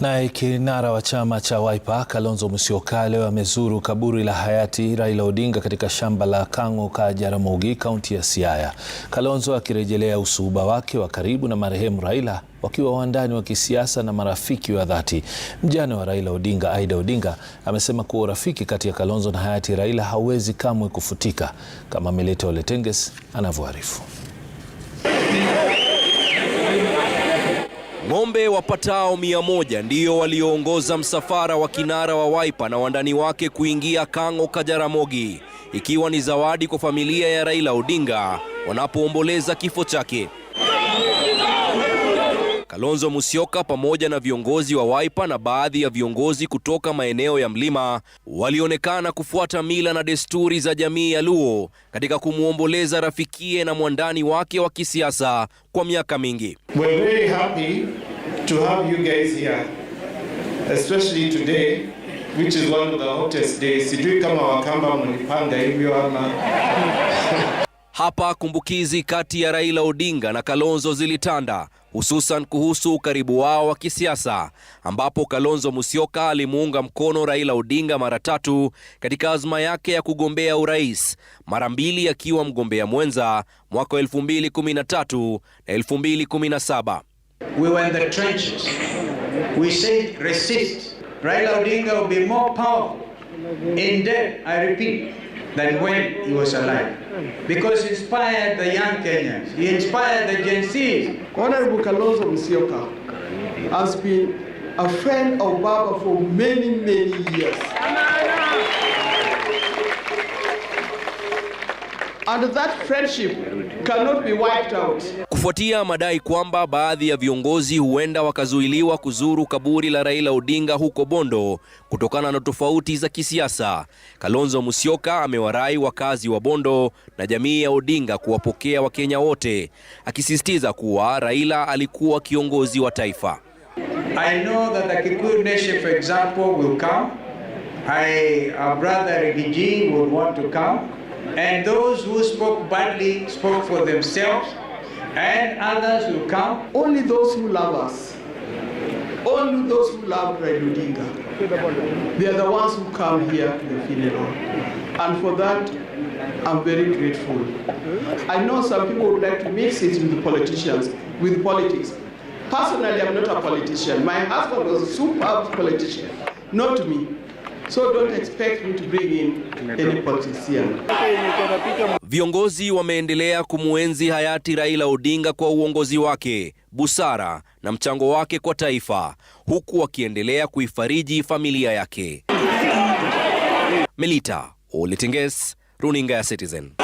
Naye kinara wa chama cha Wiper Kalonzo Musyoka leo amezuru kaburi la hayati Raila Odinga katika shamba la Kang'o ka Jaramogi, kaunti ya Siaya. Kalonzo akirejelea usuhuba wake wa karibu na marehemu Raila wakiwa wandani wa kisiasa na marafiki wa dhati. Mjane wa Raila Odinga, Aida Odinga, amesema kuwa urafiki kati ya Kalonzo na hayati Raila hauwezi kamwe kufutika, kama Milete Oletenges anavyoarifu. Ng'ombe wapatao mia moja ndio walioongoza msafara wa kinara wa Wiper na wandani wake kuingia Kang'o Kajaramogi, ikiwa ni zawadi kwa familia ya Raila Odinga wanapoomboleza kifo chake. Kalonzo Musyoka pamoja na viongozi wa Wiper na baadhi ya viongozi kutoka maeneo ya mlima walionekana kufuata mila na desturi za jamii ya Luo katika kumwomboleza rafikie na mwandani wake wa kisiasa kwa miaka mingi. Sijui kama Wakamba mlipanga hivyo ama Hapa kumbukizi kati ya Raila Odinga na Kalonzo zilitanda, hususan kuhusu ukaribu wao wa kisiasa, ambapo Kalonzo Musyoka alimuunga mkono Raila Odinga mara tatu katika azma yake ya kugombea urais, mara mbili akiwa mgombea mwenza mwaka 2013 na 2017. We were in the trenches. We said resist. Raila Odinga will be more powerful. In death, I repeat. than when he was alive. Because he inspired the young Kenyans, he inspired the Gen Z. Honorable Kalonzo Musyoka has been a friend of Baba for many, many years. And that friendship cannot be wiped out. kufuatia madai kwamba baadhi ya viongozi huenda wakazuiliwa kuzuru kaburi la Raila Odinga huko Bondo kutokana na tofauti za kisiasa. Kalonzo Musyoka amewarai wakazi wa Bondo na jamii ya Odinga kuwapokea Wakenya wote, akisisitiza kuwa Raila alikuwa kiongozi wa taifa. I know that the Kikuyu Nation, for example, will come. I, our brother Rigiji would want to come. And those who spoke badly spoke for themselves. and others will come. Only those who love us, only those who love Railudinga, they are the ones who come here to the funeral. And for that, I'm very grateful. I know some people would like to mix it with politicians, with politics. Personally, I'm not a politician. My husband was a superb politician, not me. So don't expect me to bring in any politician. Viongozi wameendelea kumuenzi hayati Raila Odinga kwa uongozi wake, busara na mchango wake kwa taifa huku wakiendelea kuifariji familia yake. Melita Oletenges, Runinga ya Citizen.